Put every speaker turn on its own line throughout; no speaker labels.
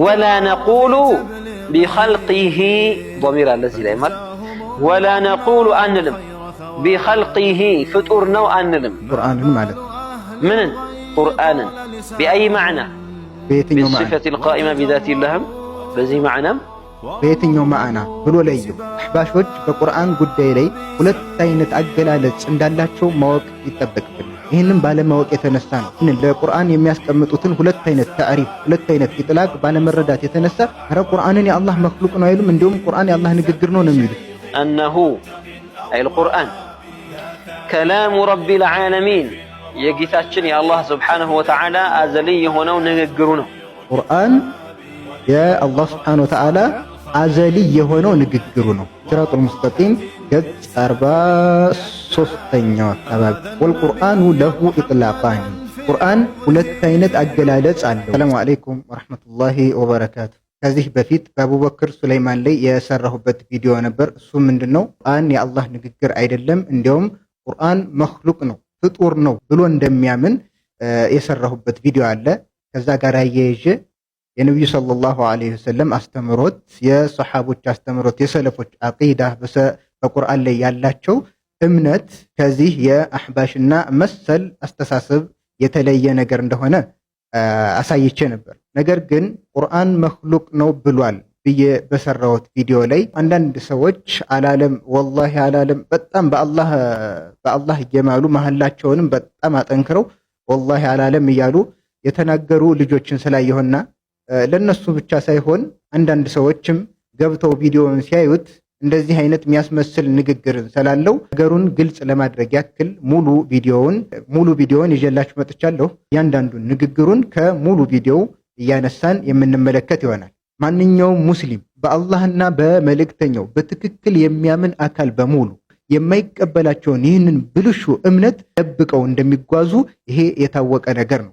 ወላ ነቁሉ ቢኸልቂሂ ዶሚር አለ እዚህ ላይ ማለት ወላ ነቁሉ አንልም፣ ቢኸልቂሂ ፍጡር ነው አንልም።
ቁርአንን ማለት
ምንን? ቁርአንን ቢአይ ማዕና ብሲፈቲል ቃኢማ ቢዛቲላህም በዚህ ማዕናም
በየትኛው ማዕና ብሎ ለየው። አሕባሾች በቁርአን ጉዳይ ላይ ሁለት አይነት አገላለጽ እንዳላቸው ማወቅ ይጠበቅብናል። ይህንም ባለማወቅ የተነሳ ነው። ለቁርአን የሚያስቀምጡትን ሁለት አይነት ታሪፍ፣ ሁለት አይነት ኢጥላቅ ባለመረዳት የተነሳ ኧረ ቁርአንን የአላህ መክሉቅ ነው አይሉም። እንዲሁም ቁርአን የአላህ ንግግር ነው ነው የሚሉት
አነሁ አይል ቁርአን ከላሙ ረቢል ዓለሚን የጌታችን የአላህ ስብሓነሁ ወተዓላ አዘልይ የሆነው ንግግሩ ነው።
ቁርአን የአላህ ስብሓነሁ ወተዓላ አዘልይ የሆነው ንግግሩ ነው። ሲራጡል ሙስተቂም ገጽ አርባ ሶስተኛው አካባቢ ወልቁርአኑ ለሁ ኢጥላቃኒ ቁርአን ሁለት አይነት አገላለጽ አለው። ሰላሙ አለይኩም ወረሕመቱላሂ ወበረካቱ። ከዚህ በፊት በአቡበክር ሱለይማን ላይ የሰራሁበት ቪዲዮ ነበር። እሱ ምንድን ነው ቁርአን የአላህ ንግግር አይደለም፣ እንዲያውም ቁርአን መክሉቅ ነው ፍጡር ነው ብሎ እንደሚያምን የሰራሁበት ቪዲዮ አለ። ከዛ ጋር አያይዤ የነቢዩ ሰለላሁ አለይሂ ወሰለም አስተምሮት፣ የሰሓቦች አስተምሮት፣ የሰለፎች አቂዳ በቁርአን ላይ ያላቸው እምነት ከዚህ የአህባሽና መሰል አስተሳሰብ የተለየ ነገር እንደሆነ አሳይቼ ነበር። ነገር ግን ቁርአን መክሉቅ ነው ብሏል ብዬ በሰራሁት ቪዲዮ ላይ አንዳንድ ሰዎች አላለም፣ ወላሂ አላለም፣ በጣም በአላህ እየማሉ መሀላቸውንም በጣም አጠንክረው ወላሂ አላለም እያሉ የተናገሩ ልጆችን ስላየሆና ለነሱ ብቻ ሳይሆን አንዳንድ ሰዎችም ገብተው ቪዲዮውን ሲያዩት እንደዚህ አይነት የሚያስመስል ንግግር ስላለው ነገሩን ግልጽ ለማድረግ ያክል ሙሉ ቪዲዮውን ሙሉ ቪዲዮውን ይዤላችሁ መጥቻለሁ። እያንዳንዱን ንግግሩን ከሙሉ ቪዲዮው እያነሳን የምንመለከት ይሆናል። ማንኛውም ሙስሊም በአላህና በመልእክተኛው በትክክል የሚያምን አካል በሙሉ የማይቀበላቸውን ይህንን ብልሹ እምነት ደብቀው እንደሚጓዙ ይሄ የታወቀ ነገር ነው።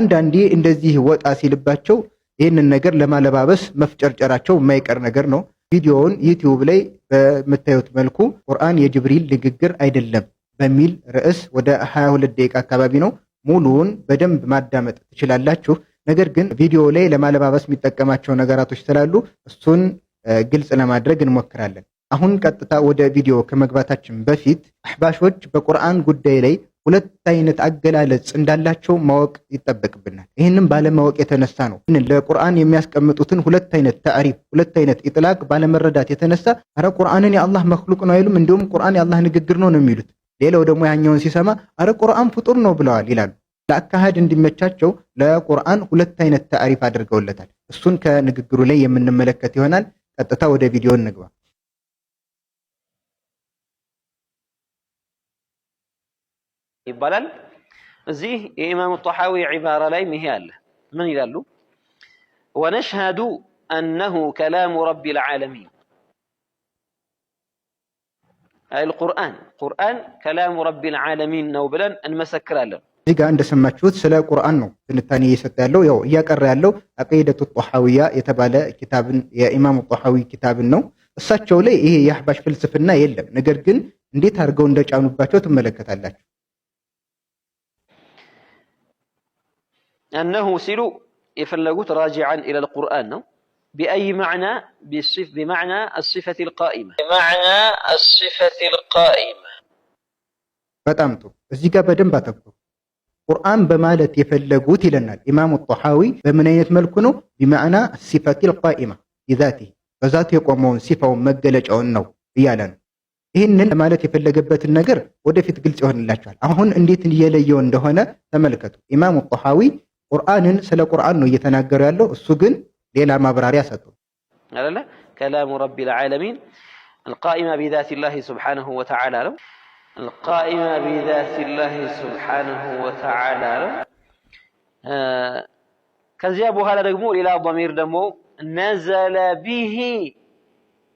አንዳንዴ እንደዚህ ወጣ ሲልባቸው ይህንን ነገር ለማለባበስ መፍጨርጨራቸው የማይቀር ነገር ነው። ቪዲዮውን ዩቲዩብ ላይ በምታዩት መልኩ ቁርአን የጅብሪል ንግግር አይደለም በሚል ርዕስ ወደ 22 ደቂቃ አካባቢ ነው። ሙሉውን በደንብ ማዳመጥ ትችላላችሁ። ነገር ግን ቪዲዮ ላይ ለማለባበስ የሚጠቀማቸው ነገራቶች ስላሉ እሱን ግልጽ ለማድረግ እንሞክራለን። አሁን ቀጥታ ወደ ቪዲዮ ከመግባታችን በፊት አሕባሾች በቁርአን ጉዳይ ላይ ሁለት አይነት አገላለጽ እንዳላቸው ማወቅ ይጠበቅብናል። ይህንም ባለማወቅ የተነሳ ነው ለቁርአን የሚያስቀምጡትን ሁለት አይነት ተዕሪፍ፣ ሁለት አይነት ኢጥላቅ ባለመረዳት የተነሳ አረ ቁርአንን የአላህ መክሉቅ ነው አይሉም፣ እንዲሁም ቁርአን የአላህ ንግግር ነው ነው የሚሉት። ሌላው ደግሞ ያኛውን ሲሰማ አረ ቁርአን ፍጡር ነው ብለዋል ይላሉ። ለአካሃድ እንዲመቻቸው ለቁርአን ሁለት አይነት ተዕሪፍ አድርገውለታል። እሱን ከንግግሩ ላይ የምንመለከት ይሆናል። ቀጥታ ወደ ቪዲዮ እንግባ።
ይባላል። እዚህ የኢማሙ ጣሐዊ ዒባራ ላይ ይሄ አለ። ምን ይላሉ? ወነሽሃዱ አነሁ ከላሙ ረቢል ዓለሚን አልቁርአን ቁርአን ከላሙ ረቢል ዓለሚን ነው ብለን እንመሰክራለን።
እዚህ ጋር እንደሰማችሁት ስለ ቁርአን ነው ትንታኔ እየሰጠ ያለው ያው እያቀረ ያለው አቂደቱ ጣሐዊያ የተባለ ኪታብን የኢማሙ ጣሐዊ ኪታብን ነው። እሳቸው ላይ ይሄ የአህባሽ ፍልስፍና የለም። ነገር ግን እንዴት አድርገው እንደጫኑባቸው ትመለከታላችሁ።
أنه سلو يفلقوت راجعا إلى القرآن نعم؟ بأي معنى بالصف بمعنى الصفة القائمة بمعنى الصفة القائمة
فتامتو إذا بدم باتبكو قرآن بمالة يفلقوت لنا الإمام الطحاوي بمن يتملكنه بمعنى الصفة القائمة بذاته فذاته يقومون صفة ومقلج أو النو بيالان ይህንን ለማለት የፈለገበት ነገር ወደፊት ግልጽ ይሆንላቸዋል አሁን እንዴት እየለየው እንደሆነ ተመልከቱ ኢማሙ الطحاوي ቁርአንን ስለ ቁርአን ነው እየተናገረ ያለው። እሱ ግን ሌላ ማብራሪያ ሰጡ
አይደለ ከላሙ ረቢል ዓለሚን አልቃኢማ ቢዛቲላሂ ሱብሓነሁ ወተዓላ ነው። አልቃኢማ ቢዛቲላሂ ሱብሓነሁ ወተዓላ ነው። ከዚያ በኋላ ደግሞ ሌላ ዶሚር ደግሞ ነዘለ ቢሂ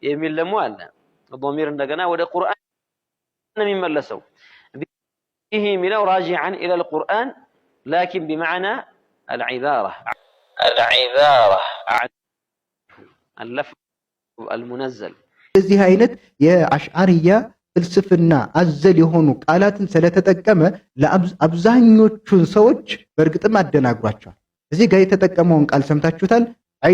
የሚል ደግሞ አለ። ዶሚር እንደገና ወደ ቁርአን ነው የሚመለሰው። ቢሂ የሚለው ራጂዐን ኢለል ቁርአን ላኪን ቢመዕና العذارة العذارة اللفظ المنزل
እዚህ አይነት የአሽዓሪያ ፍልስፍና አዘል የሆኑ ቃላትን ስለተጠቀመ ለአብዛኞቹን ሰዎች በእርግጥም አደናግሯቸዋል። እዚህ ጋር የተጠቀመውን ቃል ሰምታችሁታል።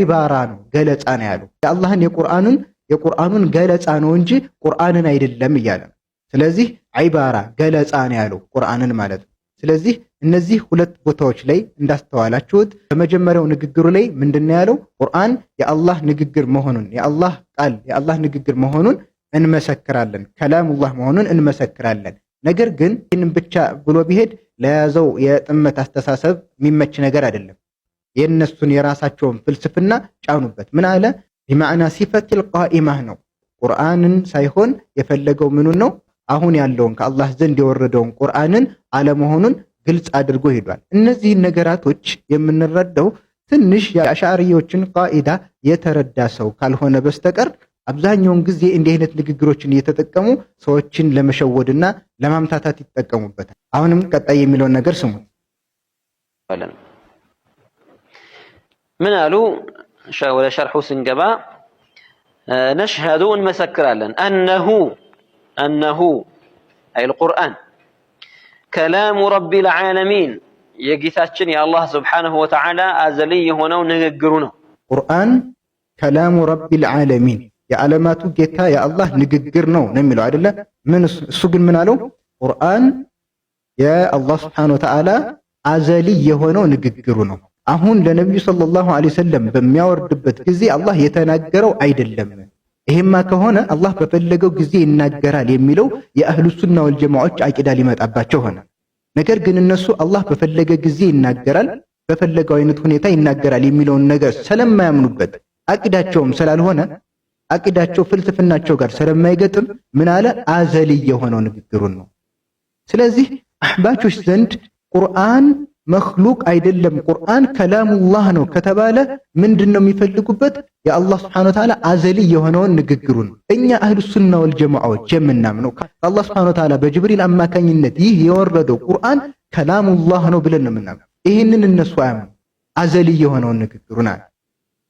ዒባራ ነው፣ ገለጻ ነው ያለው። የአላህን የቁርአንን የቁርአኑን ገለጻ ነው እንጂ ቁርአንን አይደለም እያለ ነው። ስለዚህ ዒባራ ገለጻ ነው ያለው ቁርአንን ማለት ነው። ስለዚህ እነዚህ ሁለት ቦታዎች ላይ እንዳስተዋላችሁት በመጀመሪያው ንግግሩ ላይ ምንድነው ያለው? ቁርአን የአላህ ንግግር መሆኑን የአላህ ቃል የአላህ ንግግር መሆኑን እንመሰክራለን፣ ከላሙላህ መሆኑን እንመሰክራለን። ነገር ግን ይህንን ብቻ ብሎ ቢሄድ ለያዘው የጥመት አስተሳሰብ የሚመች ነገር አይደለም። የእነሱን የራሳቸውን ፍልስፍና ጫኑበት። ምን አለ? ቢማዕና ሲፈቲል ቃኢማህ ነው። ቁርአንን ሳይሆን የፈለገው ምኑን ነው? አሁን ያለውን ከአላህ ዘንድ የወረደውን ቁርአንን አለመሆኑን ግልጽ አድርጎ ሄዷል። እነዚህን ነገራቶች የምንረዳው ትንሽ የአሻዕሪዎችን ቃኢዳ የተረዳ ሰው ካልሆነ በስተቀር አብዛኛውን ጊዜ እንዲህ አይነት ንግግሮችን እየተጠቀሙ ሰዎችን ለመሸወድና ለማምታታት ይጠቀሙበታል። አሁንም ቀጣይ የሚለውን ነገር ስሙ።
ምን አሉ? ወደ ሸርሑ ስንገባ ነሽሀዱ እንመሰክራለን፣ አነሁ አነሁ አይ አልቁርአን ከላሙ ረቢል ዓለሚን የጌታችን የአላህ ስብሓነሁ ወተዓላ አዘልይ የሆነው ንግግሩ ነው።
ቁርአን ከላሙ ረቢል ዓለሚን የዓለማቱ ጌታ የአላህ ንግግር ነው ነው የሚለው አይደለ? ምን እሱ ግን ምን አለው? ቁርአን የአላህ ስብሓነሁ ወተዓላ አዘልይ የሆነው ንግግሩ ነው። አሁን ለነቢዩ ሰለላሁ ዐለይሂ ወሰለም በሚያወርድበት ጊዜ አላህ የተናገረው አይደለም ይሄማ ከሆነ አላህ በፈለገው ጊዜ ይናገራል የሚለው የአህሉ ሱና ወል አቂዳ ሊመጣባቸው ሆነ። ነገር ግን እነሱ አላህ በፈለገ ጊዜ ይናገራል፣ በፈለገው አይነት ሁኔታ ይናገራል የሚለውን ነገር ስለማያምኑበት አቂዳቸውም ስላልሆነ አቂዳቸው ፍልስፍናቸው ጋር ስለማይገጥም ምን አለ አዘሊ የሆነው ንግግሩን ነው። ስለዚህ አህባቾች ዘንድ ቁርአን መክሉቅ አይደለም ቁርአን ከላሙላህ ነው ከተባለ ምንድን ነው የሚፈልጉበት? የአላህ ስብሐነሁ ወተዓላ አዘሊ የሆነውን ንግግሩን እኛ አህሉ ሱና ወል የምናምነው አላህ ስብሐነሁ ወተዓላ በጅብሪል አማካኝነት ይህ የወረደው ቁርአን ከላሙላህ ነው ብለን ነው የምናምነው። ይህንን እነሱ አያምኑ። አዘሊ የሆነውን ንግግሩን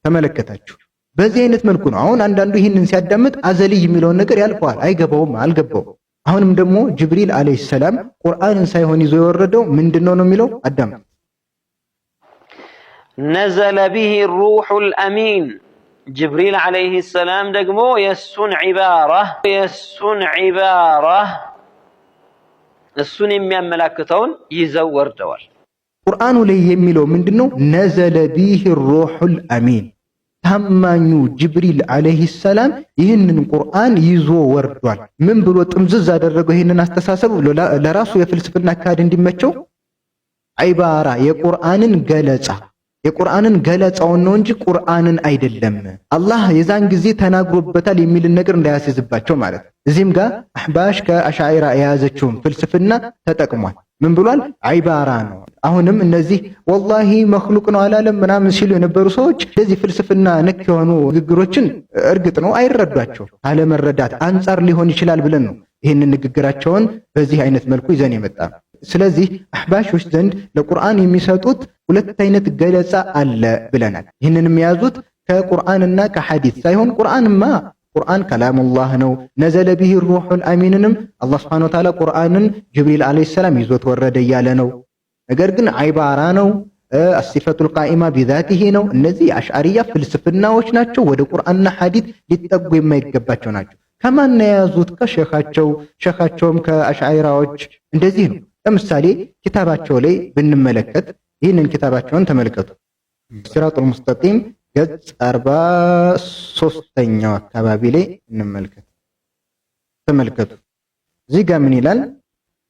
ተመለከታችሁ። በዚህ አይነት መልኩ ነው አሁን አንዳንዱ ይህንን ሲያዳምጥ አዘሊ የሚለውን ነገር ያልፈዋል። አይገባውም፣ አልገባውም አሁንም ደግሞ ጅብሪል አለይሂ ሰላም ቁርአንን ሳይሆን ይዞ የወረደው ምንድነው ነው የሚለው አዳም
ነዘለ ቢሂ ሩሑል አሚን ጅብሪል አለይሂ ሰላም ደግሞ የሱን ዒባራ የሱን ዒባራ እሱን የሚያመላክተውን ይዘው ወርደዋል።
ቁርአኑ ላይ የሚለው ምንድነው? ነዘለ ቢሂ ሩሑል አሚን ታማኙ ጅብሪል አለይሂ ሰላም ይህንን ቁርአን ይዞ ወርዷል። ምን ብሎ ጥምዝዝ አደረገው? ይህንን አስተሳሰብ ለራሱ የፍልስፍና አካሄድ እንዲመቸው ዒባራ የቁርአንን ገለጻ የቁርአንን ገለጻውን ነው እንጂ ቁርአንን አይደለም። አላህ የዛን ጊዜ ተናግሮበታል የሚልን ነገር እንዳያስይዝባቸው ማለት ነው። እዚህም ጋር አህባሽ ከአሻኢራ የያዘችውን ፍልስፍና ተጠቅሟል። ምን ብሏል? ዒባራ ነው። አሁንም እነዚህ ወላሂ መክሉቅ ነው አላለም ምናምን ሲሉ የነበሩ ሰዎች እንደዚህ ፍልስፍና ነክ የሆኑ ንግግሮችን እርግጥ ነው አይረዷቸው፣ አለመረዳት አንጻር ሊሆን ይችላል ብለን ነው ይህንን ንግግራቸውን በዚህ አይነት መልኩ ይዘን የመጣ ነው። ስለዚህ አህባሾች ዘንድ ለቁርአን የሚሰጡት ሁለት አይነት ገለጻ አለ ብለናል። ይህንንም የያዙት ከቁርአንና ከሐዲስ ሳይሆን ቁርአንማ ቁርአን ከላሙላህ ነው። ነዘለ ቢሂ ሩሑል አሚንንም አላህ ሱብሓነሁ ወተዓላ ቁርአንን ጅብሪል ዓለይሂ ሰላም ይዞት ወረደ እያለ ነው። ነገር ግን ዒባራ ነው አሲፈቱል ቃኢማ ቢዛቲሂ ነው። እነዚህ የአሽዓሪያ ፍልስፍናዎች ናቸው። ወደ ቁርአንና ሐዲት ሊጠጉ የማይገባቸው ናቸው። ከማን የያዙት? ከሸኻቸው። ሸኻቸውም ከአሽዓሪያዎች እንደዚህ ነው። ለምሳሌ ኪታባቸው ላይ ብንመለከት ይህንን ኪታባቸውን ተመልከቱ። ሲራጡል ሙስተቂም ገጽ አርባ ሶስተኛው አካባቢ ላይ እንመልከት ተመልከቱ። እዚህ ጋር ምን ይላል?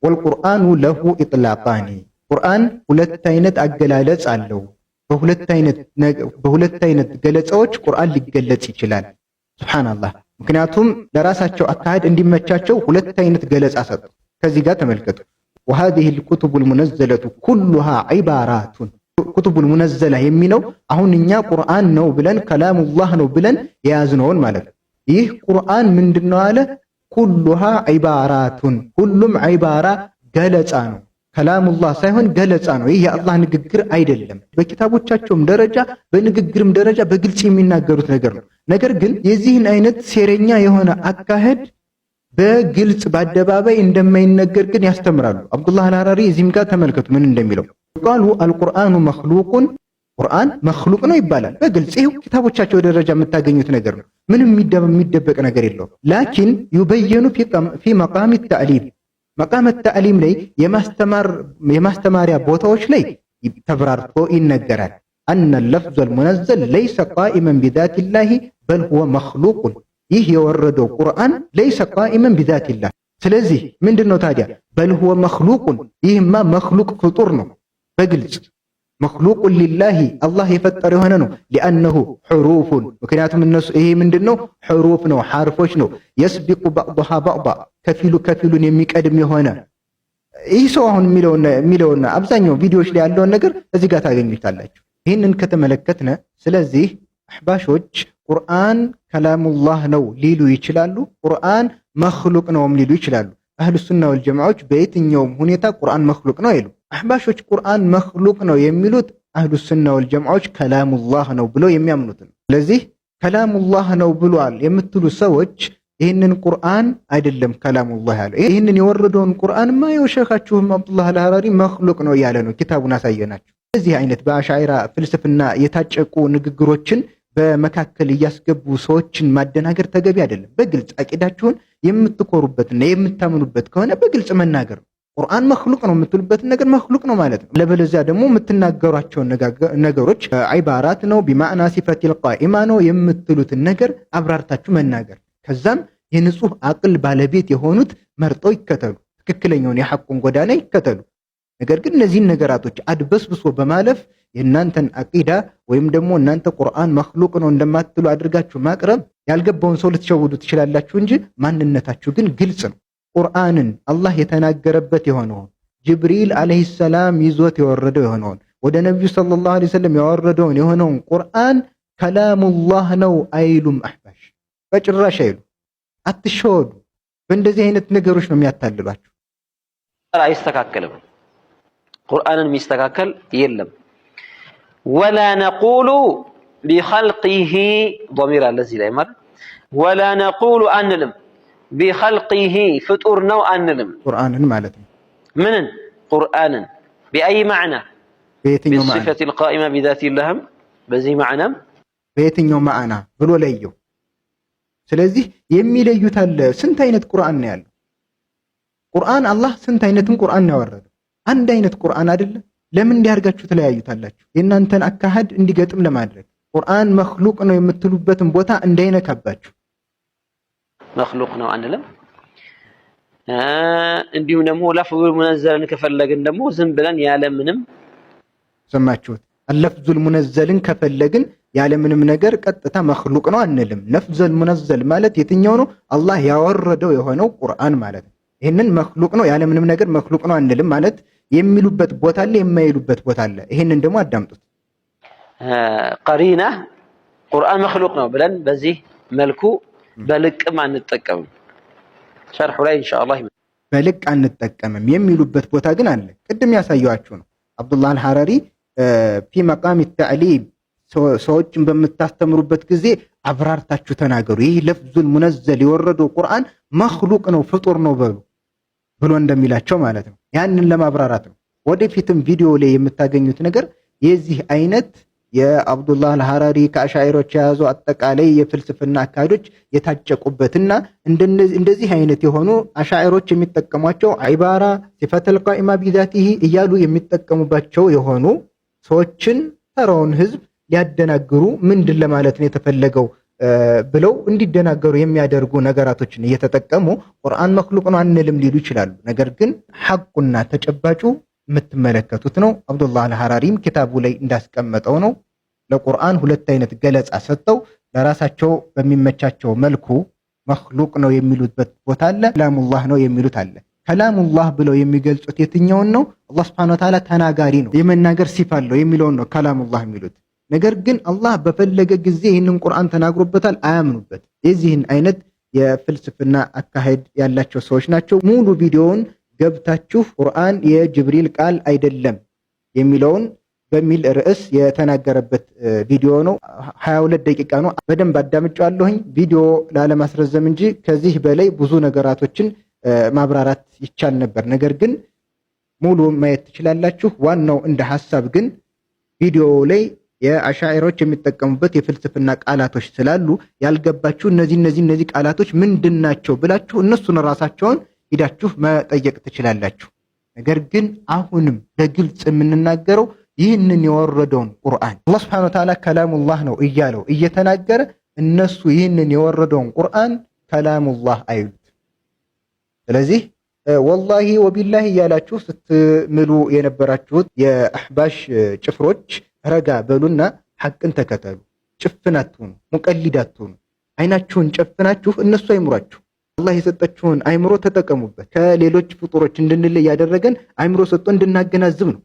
ወልቁርአኑ ለሁ ኢጥላቃኒ ቁርአን ሁለት አይነት አገላለጽ አለው። በሁለት አይነት በሁለት አይነት ገለጻዎች ቁርአን ሊገለጽ ይችላል። ሱብሃንአላህ። ምክንያቱም ለራሳቸው አካሄድ እንዲመቻቸው ሁለት አይነት ገለጻ ሰጡ። ከዚህ ጋር ተመልከቱ። ወሃዚሂል ኩቱቡል ሙነዘለቱ ኩሉሃ ዒባራቱን ኩቱቡል ሙነዘላ የሚለው አሁን እኛ ቁርአን ነው ብለን ከላሙላህ ነው ብለን የያዝነውን ማለት ነው። ይህ ቁርአን ነው አለ ኩሉሃ ዒባራቱን ሁሉም ዒባራ ገለጻ ነው። ከላሙላህ ሳይሆን ገለጻ ነው። ይህ የአላህ ንግግር አይደለም። በኪታቦቻቸውም ደረጃ በንግግርም ደረጃ በግልጽ የሚናገሩት ነገር ነው። ነገር ግን የዚህን አይነት ሴረኛ የሆነ አካሄድ በግልጽ በአደባባይ እንደማይነገር ግን ያስተምራሉ። አብዱላህ አልሐራሪ እዚህም ጋር ተመልከቱ ምን እንደሚለው ቃሉ አልቁርአኑ መክሉቁን ቁርአን መክሉቅ ነው ይባላል በግልጽ ይህ ኪታቦቻቸው ደረጃ የምታገኙት ነገር ነው። ምንም የሚደበቅ ነገር የለውም። ላኪን ዩበየኑ ፊ መቃሚ ታዕሊም መቃመ ታዕሊም ላይ የማስተማሪያ ቦታዎች ላይ ተብራርቶ ይነገራል። አነ ለፍዙ አልሙነዘል ለይሰ ቃኢመን ቢዛቲላሂ በል ሁወ መክሉቁን ይህ የወረደው ቁርአን ለይሰ ቃኢመን ቢዛቲላህ። ስለዚህ ምንድነው ታዲያ በልሁወ መክሉቁን፣ ይህማ መክሉቅ ፍጡር ነው። በግልጽ መክሉቁን ሊላሂ አላህ የፈጠረ የሆነ ነው። ሊአነሁ ሕሩፉን ምክንያቱም እነሱ ይሄ ምንድነው ሕሩፍ ነው፣ ሐርፎች ነው። የስቢቁ ባዕዱሃ ባዕዳ ከፊሉ ከፊሉን የሚቀድም የሆነ ይህ ሰው አሁን የሚለውና አብዛኛው ቪዲዮዎች ላይ ያለውን ነገር እዚህ ጋር ታገኙታላችሁ። ይህንን ከተመለከትነ ስለዚህ አሕባሾች ቁርአን ከላሙላህ ነው ሊሉ ይችላሉ። ቁርአን መክሉቅ ነውም ሊሉ ይችላሉ። አህሉ ሱና ወልጀማዓዎች በየትኛውም ሁኔታ ቁርአን መክሉቅ ነው አይሉ። አሕባሾች ቁርአን መክሉቅ ነው የሚሉት አህሉ ሱና ወልጀማዓዎች ከላሙላህ ነው ብለው የሚያምኑት ነው። ስለዚህ ከላሙላህ ነው ብሏል የምትሉ ሰዎች ይህንን ቁርአን አይደለም ከላሙላህ ያለው ይህንን የወረደውን ቁርአንማ የሸኻችሁም አብዱላህ አልሐራሪ መክሉቅ ነው እያለ ነው። ኪታቡን አሳየናችሁ። እዚህ አይነት በአሻይራ ፍልስፍና የታጨቁ ንግግሮችን በመካከል እያስገቡ ሰዎችን ማደናገር ተገቢ አይደለም። በግልጽ አቂዳችሁን የምትኮሩበትና የምታምኑበት ከሆነ በግልጽ መናገር ነው። ቁርአን መክሉቅ ነው የምትሉበትን ነገር መክሉቅ ነው ማለት ነው። ለበለዚያ ደግሞ የምትናገሯቸውን ነገሮች ዒባራት ነው ቢማዕና ሲፈት ልቃኢማ ነው የምትሉትን ነገር አብራርታችሁ መናገር ከዛም የንጹህ አቅል ባለቤት የሆኑት መርጠው ይከተሉ። ትክክለኛውን የሐቁን ጎዳና ይከተሉ። ነገር ግን እነዚህን ነገራቶች አድበስብሶ በማለፍ የእናንተን አቂዳ ወይም ደግሞ እናንተ ቁርአን መክሉቅ ነው እንደማትሉ አድርጋችሁ ማቅረብ ያልገባውን ሰው ልትሸውዱ ትችላላችሁ እንጂ ማንነታችሁ ግን ግልጽ ነው። ቁርአንን አላህ የተናገረበት የሆነውን ጅብሪል ዓለይሂ ሰላም ይዞት የወረደው የሆነውን ወደ ነቢዩ ሰለላሁ ዓለይሂ ወሰለም ያወረደውን የሆነውን ቁርአን ከላሙላህ ነው አይሉም። አህባሽ በጭራሽ አይሉ። አትሸወዱ። በእንደዚህ አይነት ነገሮች ነው የሚያታልሏችሁ።
አይስተካከልም። ቁርአንን የሚስተካከል የለም። ወላ ነቁሉ ቢኸልቂሂ ዶሚር አለ እዚህ ላይ ማለት ወላ ነቁሉ አንልም፣ ቢኸልቂሂ ፍጡር ነው አንልም።
ቁርአንን ማለት ነው።
ምንን? ቁርአንን ቢአይ ማዕና ቢሲፈቲል ቃኢማ ቢዛቲላህም በዚህ ማዕናም
በየትኛው ማዕና ብሎ ለየው። ስለዚህ የሚለዩት አለ። ስንት አይነት ቁርአን ነው ያለው? ቁርአን አላህ ስንት አይነትን ቁርአን ነው ያወረደው? አንድ አይነት ቁርአን አይደለም። ለምን እንዲያርጋችሁ ተለያዩታላችሁ? የእናንተን አካሄድ እንዲገጥም ለማድረግ ቁርአን መክሉቅ ነው የምትሉበትን ቦታ እንዳይነካባችሁ።
መክሉቅ ነው አንልም። እንዲሁም ደግሞ ለፍዙል ሙነዘልን ከፈለግን ደግሞ ዝም ብለን ምንም
ሰማችሁት። ለፍዙል ሙነዘልን ከፈለግን ያለምንም ነገር ቀጥታ መክሉቅ ነው አንልም። ለፍዙል ሙነዘል ማለት የትኛው ነው? አላህ ያወረደው የሆነው ቁርአን ማለት ነው። ይህንን መክሉቅ ነው ምንም ነገር መክሉቅ ነው አንልም ማለት የሚሉበት ቦታ አለ፣ የማይሉበት ቦታ አለ። ይሄንን ደግሞ አዳምጡት።
ቀሪና ቁርአን መክሉቅ ነው ብለን በዚህ መልኩ በልቅም አንጠቀምም። ሸርሑ ላይ ኢንሻአላህ
በልቅ አንጠቀምም የሚሉበት ቦታ ግን አለ። ቅድም ያሳየዋችሁ ነው አብዱላህ አልሐራሪ ፊ መቃሚ ተዕሊም ሰዎችን በምታስተምሩበት ጊዜ አብራርታችሁ ተናገሩ። ይህ ለፍዙል ሙነዘል የወረደው ቁርአን መክሉቅ ነው ፍጡር ነው በሉ ብሎ እንደሚላቸው ማለት ነው። ያንን ለማብራራት ነው። ወደፊትም ቪዲዮ ላይ የምታገኙት ነገር የዚህ አይነት የአብዱላህ አልሐራሪ ከአሻይሮች የያዙ አጠቃላይ የፍልስፍና አካሄዶች የታጨቁበትና እንደዚህ አይነት የሆኑ አሻይሮች የሚጠቀሟቸው ዒባራ ሲፈተል ቃኢማ ቢዛቲሂ እያሉ የሚጠቀሙባቸው የሆኑ ሰዎችን ተራውን ህዝብ ሊያደናግሩ ምንድን ለማለት ነው የተፈለገው ብለው እንዲደናገሩ የሚያደርጉ ነገራቶችን እየተጠቀሙ ቁርአን መክሉቅ ነው አንልም ሊሉ ይችላሉ። ነገር ግን ሐቁና ተጨባጩ የምትመለከቱት ነው። አብዱላህ አልሐራሪም ኪታቡ ላይ እንዳስቀመጠው ነው። ለቁርአን ሁለት አይነት ገለጻ ሰጥተው ለራሳቸው በሚመቻቸው መልኩ መክሉቅ ነው የሚሉበት ቦታ አለ፣ ከላሙላህ ነው የሚሉት አለ። ከላሙላህ ብለው የሚገልጹት የትኛውን ነው? አላህ ሱብሓነሁ ወተዓላ ተናጋሪ ነው፣ የመናገር ሲፋ አለው የሚለውን ነው ከላሙላህ የሚሉት ነገር ግን አላህ በፈለገ ጊዜ ይህንን ቁርአን ተናግሮበታል፣ አያምኑበት። የዚህን አይነት የፍልስፍና አካሄድ ያላቸው ሰዎች ናቸው። ሙሉ ቪዲዮውን ገብታችሁ ቁርአን የጅብሪል ቃል አይደለም የሚለውን በሚል ርዕስ የተናገረበት ቪዲዮ ነው። 22 ደቂቃ ነው። በደንብ አለሁኝ ቪዲዮ ላለማስረዘም እንጂ ከዚህ በላይ ብዙ ነገራቶችን ማብራራት ይቻል ነበር። ነገር ግን ሙሉ ማየት ትችላላችሁ። ዋናው እንደ ሐሳብ ግን ቪዲዮ ላይ የአሻዕሮች የሚጠቀሙበት የፍልስፍና ቃላቶች ስላሉ ያልገባችሁ እነዚህ እነዚህ እነዚህ ቃላቶች ምንድን ናቸው ብላችሁ እነሱን ራሳቸውን ሂዳችሁ መጠየቅ ትችላላችሁ። ነገር ግን አሁንም በግልጽ የምንናገረው ይህንን የወረደውን ቁርአን አላህ ስብሐነሁ ወተዓላ ከላሙላህ ነው እያለው እየተናገረ እነሱ ይህንን የወረደውን ቁርአን ከላሙላህ አይሉት። ስለዚህ ወላሂ ወቢላሂ እያላችሁ ስትምሉ የነበራችሁት የአሕባሽ ጭፍሮች ረጋ በሉና ሐቅን ተከተሉ። ጭፍን አትሆኑ፣ ሙቀሊድ አትሆኑ። አይናችሁን ጨፍናችሁ እነሱ አይምሯችሁ። አላህ የሰጠችሁን አይምሮ ተጠቀሙበት። ከሌሎች ፍጡሮች እንድንለይ ያደረገን አይምሮ ሰጥቶ እንድናገናዝብ ነው።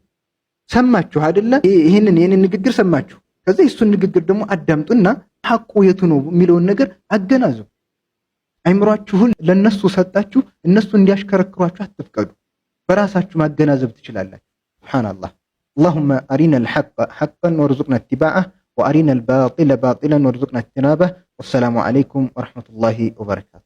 ሰማችሁ አይደለ? ይህንን ይህንን ንግግር ሰማችሁ። ከዚ እሱን ንግግር ደግሞ አዳምጡና ሐቁ የቱ ነው የሚለውን ነገር አገናዝቡ። አይምሯችሁን ለነሱ ሰጣችሁ፣ እነሱ እንዲያሽከረክሯችሁ አትፍቀዱ። በራሳችሁ ማገናዘብ ትችላላችሁ። ሱብሃነላህ اللهم أرنا الحق حقا وارزقنا اتباعه وأرنا الباطل باطلا وارزقنا اجتنابه والسلام عليكم ورحمة الله وبركاته